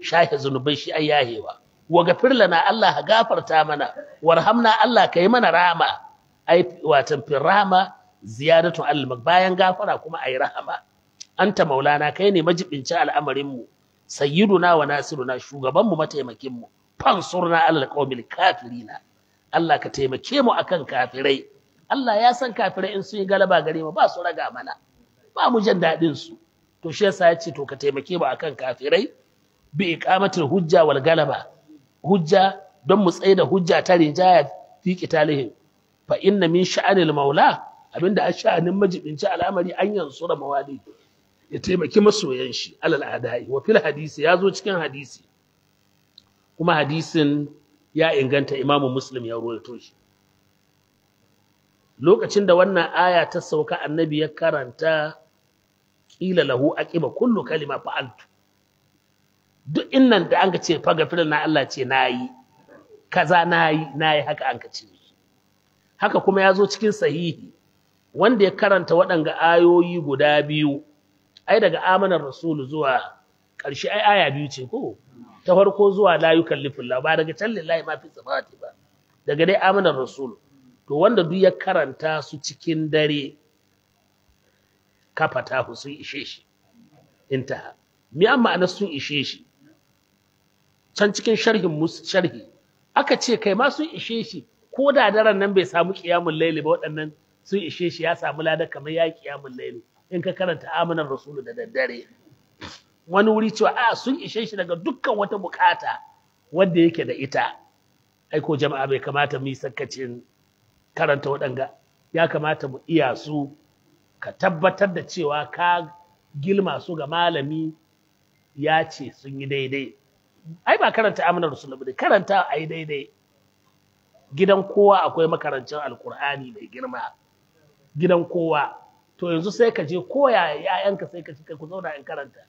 Speaker 1: shahe zunubai shi ai yahewa wa gafir lana Allah gafarta mana warhamna Allah kai mana rama ai watan firama ziyadatun almak bayan gafara kuma ai rahama anta maulana kai ne majibincin al'amarin mu sayyiduna wa nasiruna shugaban mu mataimakin mu fansurna alal qawmil kafirina Allah ka taimake mu akan kafirai Allah ya san kafirai in sun yi galaba gare mu ba su raga mana ba mu jin dadin su to shi yasa ya ce to ka taimake mu akan kafirai bi iqamatul hujja wal galaba hujja don mu tsaye da hujja ta rinjaya fi qitalihim fa inna min sha'anil maula abinda a sha'anin majibinci al'amari an da mawali ya taimaki masoyan shi alal adai wa fil hadisi ya zo cikin hadisi kuma hadisin ya inganta imamu muslim ya rawaito shi lokacin da wannan aya ta sauka annabi ya karanta ƙila lahu aqiba kullu kalima fa'altu duk innan da an ka ce faga firin na Allah ce na yi kaza na yi na yi haka an ka ce haka kuma ya zo cikin sahihi wanda ya karanta waɗanga ayoyi guda biyu ai daga amanar rasulu zuwa ƙarshe ai aya biyu ce ko ta farko zuwa la yukallifu Allah ba daga tallin ma fi sabati ba daga dai amanar rasulu to wanda duk ya karanta su cikin dare kafata sun ishe shi intaha mi amma sun ishe shi can cikin sharhin musu sharhi aka ce kai ma sun ishe shi ko da daren nan bai samu kiyamun laili ba waɗannan sun ishe shi ya samu lada kamar ya kiyamun laili, in ka karanta amanar rasulu da daddare wani wuri cewa a ah, sun ishe shi daga dukkan wata bukata wadda yake da ita aiko jama'a bai kamata mu yi sakkacin karanta waɗanga ya kamata mu iya su ka tabbatar da cewa ka gilma su ga malami ya ce sun yi daidai ai ba karanta amina rasulullah bane karanta ai daidai gidan kowa akwai makarancin alkur'ani mai girma gidan kowa to yanzu sai ka je koya ya'yanka sai ka kai ku zauna in karanta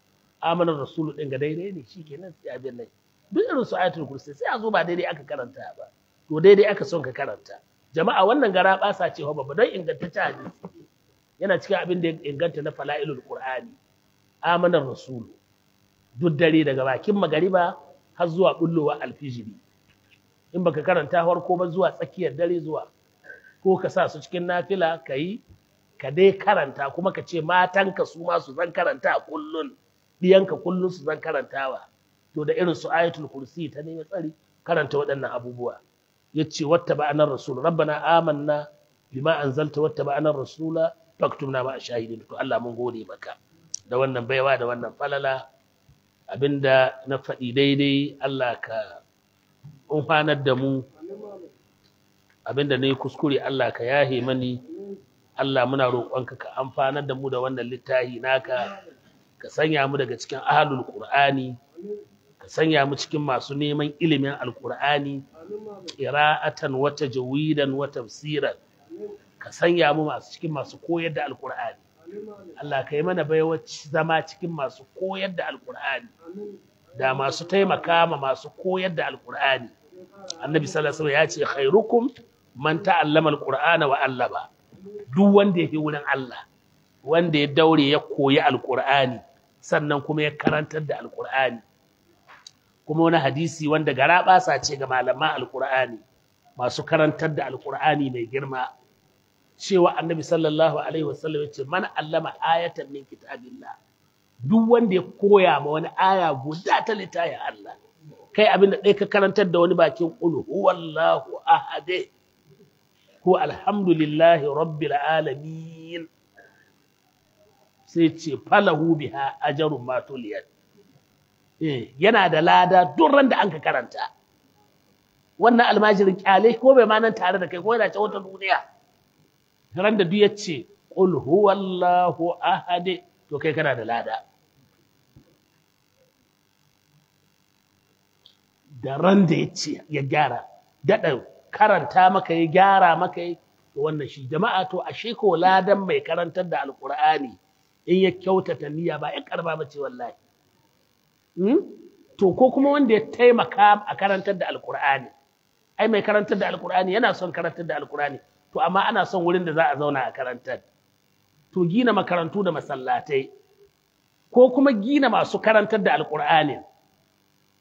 Speaker 1: amana rasulullah din ga daidai ne shikenan sai abin nan duk irin su ayatul kursi sai a zo ba daidai aka karanta ba to daidai aka son ka karanta jama'a wannan gara basa ce ba ba don ingantaccen hadisi yana cikin abin da inganta na fala'ilul qur'ani amanar rasulu duk dare daga bakin magariba har zuwa bullowa alfijiri in baka karanta farko ba zuwa tsakiyar dare zuwa ko ka sa su cikin nafila ka yi ka dai karanta kuma ka ce ka su ma su zan karanta kullun ka kullun su zan karantawa to da irin su ayatul kursi ta neman tsari karanta waɗannan abubuwa yace ba anar rasul rabbana amanna bima anzalta ba anar rasula faktumna ma shahidin to Allah mun gode maka da wannan baiwa da wannan falala abinda na faɗi daidai Allah ka umfanar da mu abinda na yi kuskure Allah ka yahe mani Allah muna roƙonka ka amfanar da mu da wannan littahi naka ka sanya mu daga cikin ahalul qur'ani ka sanya mu cikin masu neman ilimin alqur'ani qira'atan wa tajwidan wa tafsiran ka sanya mu masu cikin masu koyar da alqur'ani Allah ka yi mana baiwa zama cikin masu koyar da alkur'ani da masu taimaka ma masu koyar da alkur'ani annabi sallallahu ya ce khairukum man ta'allama alqur'ana wa allaba duk wanda yake wurin Allah wanda ya daure ya koyi alkur'ani sannan kuma ya karantar da alkur'ani kuma wani hadisi wanda garaba sa ce ga malaman alkur'ani masu karantar da alkur'ani mai girma cewa annabi sallallahu alaihi wasallam yace mana allama ayatan min kitabillah duk wanda ya koya ma wani aya guda ta litaya Allah kai abin da ka karantar da wani bakin qul huwallahu ahade? ko alhamdulillahi rabbil alamin sai ce falahu biha ajrun ma eh, yana da lada duk ran da an ka karanta wannan almajirin kyale ko bai ma nan tare da kai ko yana ta wata duniya ran da duk ya ce qul huwallahu ahad to kai kana da lada da ran da ya ya gyara daɗa karanta maka ya gyara maka ya wannan shi jama'a to a ko ladan mai karantar da alkur'ani in ya kyautata niyya ba in karba ba ce wallahi hmm? to ko kuma wanda ya taimaka a karantar da alkur'ani ai mai karantar da alkur'ani yana son karantar da alkur'ani to amma ana son wurin da za a zauna a karantar to gina makarantu da masallatai ko kuma gina masu karantar da alkur'ani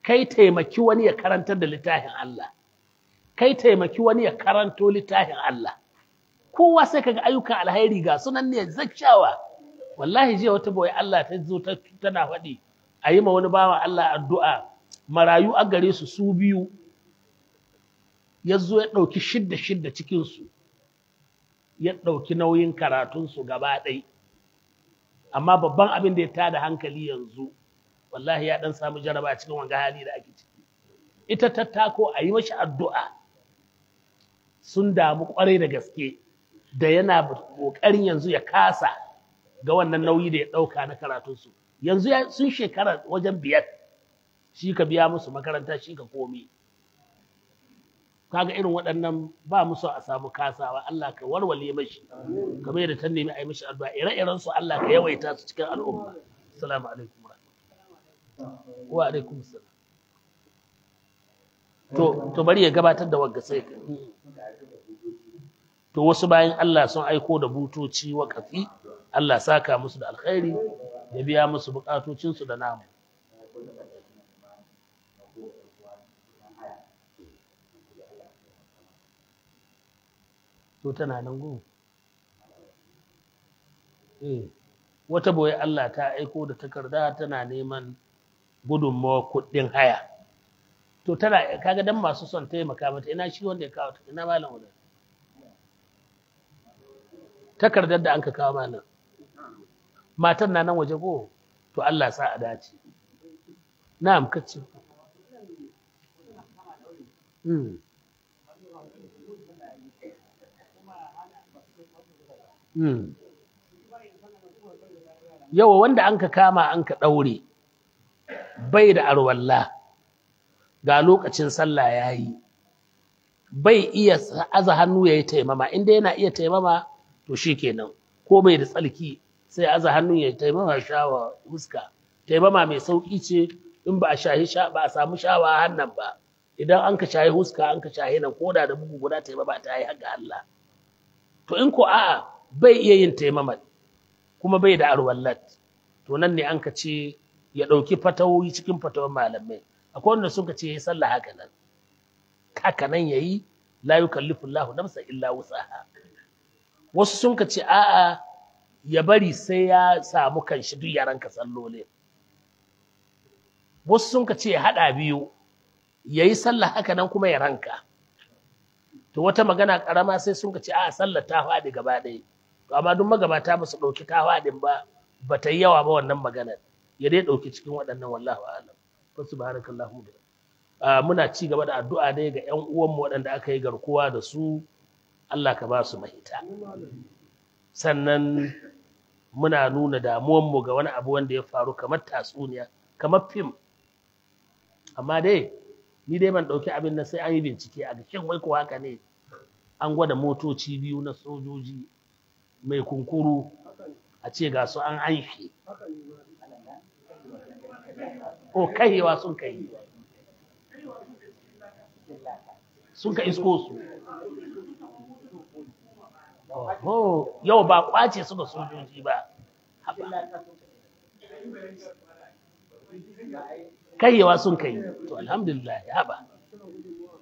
Speaker 1: kai taimaki wani ya karantar da littafin Allah kai taimaki wani ya karanto littafin Allah kowa sai kaga ayyukan alheri ga sunan ne zakkawa wallahi jiya wata boye Allah ta zo tana faɗi ayi ma wani bawa Allah addu'a marayu a gare su su biyu ya zo ya ɗauki shidda shidda cikinsu ya ɗauki nauyin karatunsu gaba ɗai amma babban abin da ya tada hankali yanzu wallahi ya ɗan samu jaraba cikin wanga hali da ake ciki ita tattako a yi mashi addu'a sun damu kwarai da gaske da yana ƙoƙarin yanzu ya kasa ga wannan nauyi da ya ɗauka na karatunsu yanzu sun shekara wajen biyar shi ka biya musu makaranta shi ka komi kaga irin waɗannan ba mu so a samu kasawa Allah ka warware mashi kamar yadda ta nemi a yi mashi addu'a ire-iren su Allah ka yawaita su cikin al'umma assalamu alaikum wa alaikum assalam to to bari ya gabatar da wagga sai ka to wasu bayan Allah sun aiko da butoci wakafi Allah saka musu da alkhairi ya biya musu bukatocinsu da namu to tana nan gu eh wata boye Allah ta aiko da takarda tana neman gudunmawa kuɗin haya to tana kaga dan masu son taimaka mata ina shi wanda ya kawo ta ina malam wadda takardar da an ka kawo malam matan na nan waje ko to Allah sa a dace na'am kace Hmm. Hmm. yawa wanda an ka kama an ka ɗaure bai da arwalla ga lokacin sallah ya yi bai iya aza hannu ya yi taimama inda yana iya taimama to shi kenan ko bai da tsalki sai aza hannu ya yi taimama shawa huska taimama mai sauƙi ce in ba a shahi ba a samu shawa hannan ba idan an ka shahi huska an ka shahi nan koda da bugu guda taimama ta yi haka Allah to in ko a'a bai iya yin taimama kuma bai da arwallat to nan ne an ka ce ya ɗauki fatawoyi cikin fatawan malamai akwai wanda sun ka ce ya yi sallah haka nan haka nan ya yi la yukallifu Allahu nafsa illa wusaha wasu sun ka ce a'a ya bari sai ya samu kanshi duk yaran ka wasu sun ka ce ya haɗa biyu ya yi sallah haka nan kuma ya ranka to wata magana ƙarama sai sun ka ce a'a sallah ta faɗi gaba ɗaya amma duk magabata ba su ɗauki tawadin ba ba ta yi yawa ba wannan maganar ya dai ɗauki cikin waɗannan wallahu alam fa subhanakallahu wa muna ci gaba da addu'a dai ga ƴan uwanmu waɗanda aka yi garkuwa da su Allah ka ba su mahita sannan muna nuna mu ga wani abu wanda ya faru kamar tatsuniya kamar fim amma dai ni dai ban ɗauki abin nan sai an yi bincike a ga wai ko haka ne an gwada motoci biyu na sojoji mai kunkuru a ce ga su an haifi o kaiwa sun kai sun ka isko su yau ba kwace su ga sojoji ba kaiwa sun kai to alhamdulillah haba ba.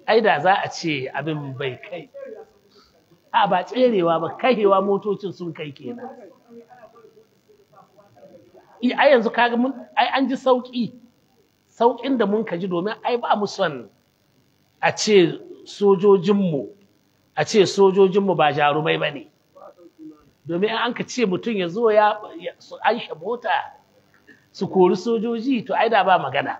Speaker 1: Aida za a ce abin bai kai a ba tserewa ba kaihewa motocin sun kai kenan i ai yanzu kaga mun ai an ji sauki saukin da mun kaji domin ai ba mu son a ce sojojinmu a ce mu ba jarumai ba ne domin an ka ce mutum ya zo ya an mota su kori sojoji to ai da ba magana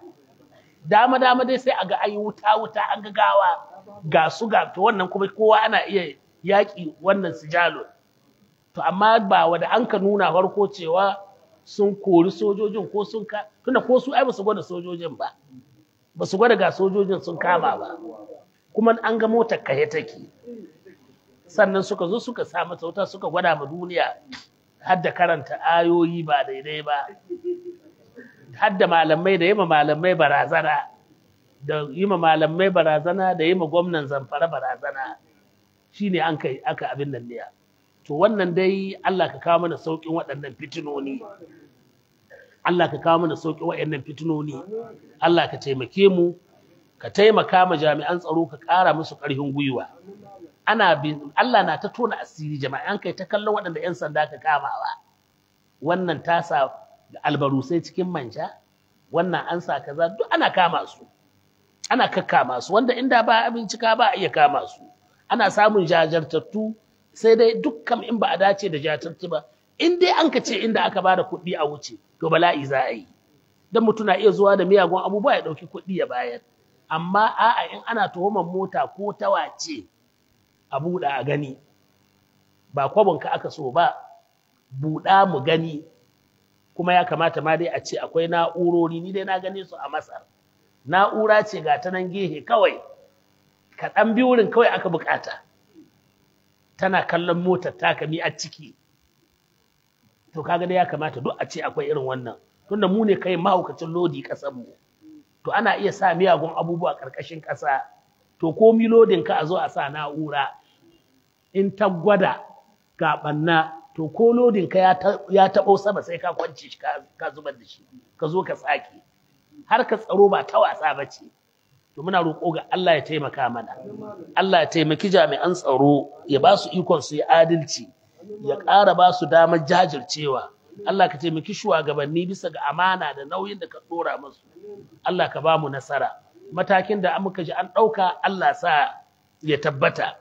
Speaker 1: dama dama dai sai a ga ayi wuta wuta an ga gawa ga su ga to wannan kuma kowa ana iya yaƙi wannan sijalo to amma ba wanda an ka nuna farko cewa sun kori sojojin ko sun ka tunda ko su ai ba su gwada sojojin ba ba su gwada ga sojojin sun kama ba kuma an ga motar kahe take sannan suka zo suka sa mata wuta suka gwada ma duniya har da karanta ayoyi ba daidai ba har da malamai da yi ma malamai barazana da yi ma malamai barazana da yi ma gwamnan zamfara barazana Shi ne an kai aka abin nan ɗaya to wannan dai Allah ka kawo mana sauƙin waɗannan fitinoni Allah ka kawo mana sauƙin waɗannan fitinoni Allah ka taimake mu ka taimaka ma jami'an tsaro ka ƙara musu ƙarfin gwiwa ana bin Allah na ta tona asiri jama'a an kai ta kallon waɗanda 'yan sanda ka kama ba. wannan ta sa albarusai cikin manja wannan an sa kaza duk ana kama su ana kakkama su wanda inda ba a ka ba a iya kama su ana samun jajartattu sai dai dukkan in ba a dace da jajartattu ba in dai an ka ce inda aka bada kuɗi a wuce to bala'i za a yi dan mutum na iya zuwa da miyagun abubuwa ya ɗauki kuɗi ya bayar amma a'a in ana tuhumar mota ko ta wace a buɗa a gani ba ka aka so ba buɗa mu gani kuma ya kamata ma dai a ce akwai na'urori ni dai na gane su a masar na'ura ce ga ta nan gehe kawai kaɗan bi wurin kawai aka bukata tana kallon motar ta a ciki to kaga da ya kamata duk a ce akwai irin wannan tunda mu ne kai mahaukacin lodi ƙasar mu to ana iya sa miyagun abubuwa ƙarƙashin ƙasa to ko lodin ka a zo a sa na'ura in ta gwada ga ɓanna to ko lodin ka ya taɓo sama sai ka kwance shi ka zubar da shi ka zo ka tsaki har ka tsaro ba ta wasa ba ce to muna roƙo ga Allah ya taimaka mana Allah ya taimaki jami'an tsaro ya ba su ikon su yi adalci ya ƙara ba su damar jajircewa Allah ka taimaki shugabanni bisa ga amana da nauyin da ka ɗora musu Allah ka ba mu nasara matakin da muka ji an ɗauka Allah sa ya tabbata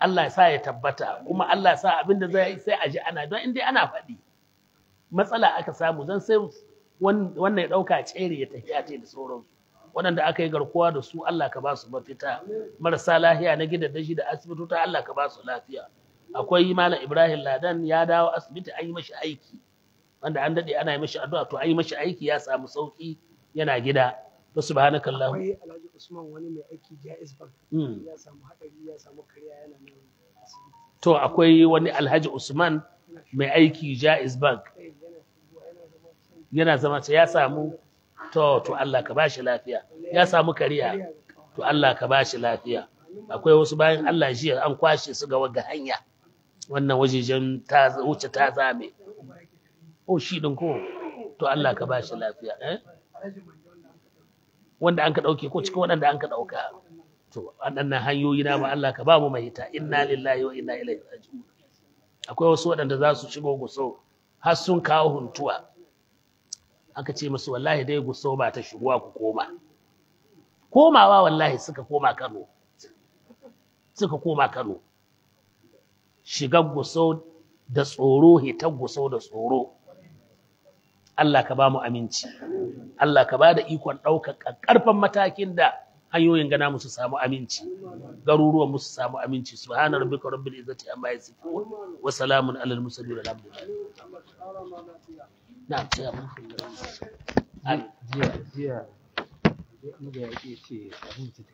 Speaker 1: Allah sa ya tabbata kuma Allah sa abin da zai sai a ji ana don inda ana faɗi matsala aka samu zan sai wannan ya ɗauka tsere ya tafi a da sauransu waɗanda aka yi garkuwa da su Allah ka ba su mafita marasa lafiya na gidan da shi da asibitota Allah ka ba su lafiya akwai malam Ibrahim Ladan ya dawo asibiti an yi mashi aiki wanda an dade ana yi mashi addu'a to an yi mashi aiki ya samu sauki yana gida to subhanakallah akwai Alhaji Usman wani mai aiki Jais Bank hmm. ya samu hadari ya samu kariya yana nan to akwai wani Alhaji Usman mai aiki Jais Bank yana zama ya samu to to Allah ka bashi lafiya ya samu kariya to Allah ka bashi lafiya akwai wasu bayan Allah shi an kwashe su ga waga hanya wannan wajejen ta wuce ta zame o shi din ko to Allah ka bashi lafiya eh wanda an ka dauke ko cikin waɗanda an ka dauka to waɗannan hanyoyi na ba Allah ka ba mu mahita inna lillahi wa inna ilaihi raji'un akwai wasu waɗanda za su shigo guso har sun kawo huntuwa aka ce musu wallahi dai guso ba ta shigowa ku koma komawa wallahi suka koma Kano suka koma Kano shiga guso da tsoro hitar guso da tsoro Allah ka ba mu aminci Allah ka ba da ikon ɗaukar ƙarfan matakin da hanyoyin gana musu samu aminci garuruwan musu samu aminci subhana rabbika rabbil izati amma yasifun wa salamun alal mursalin alhamdulillah da ce
Speaker 2: jiya jiya jiya ya ce abinci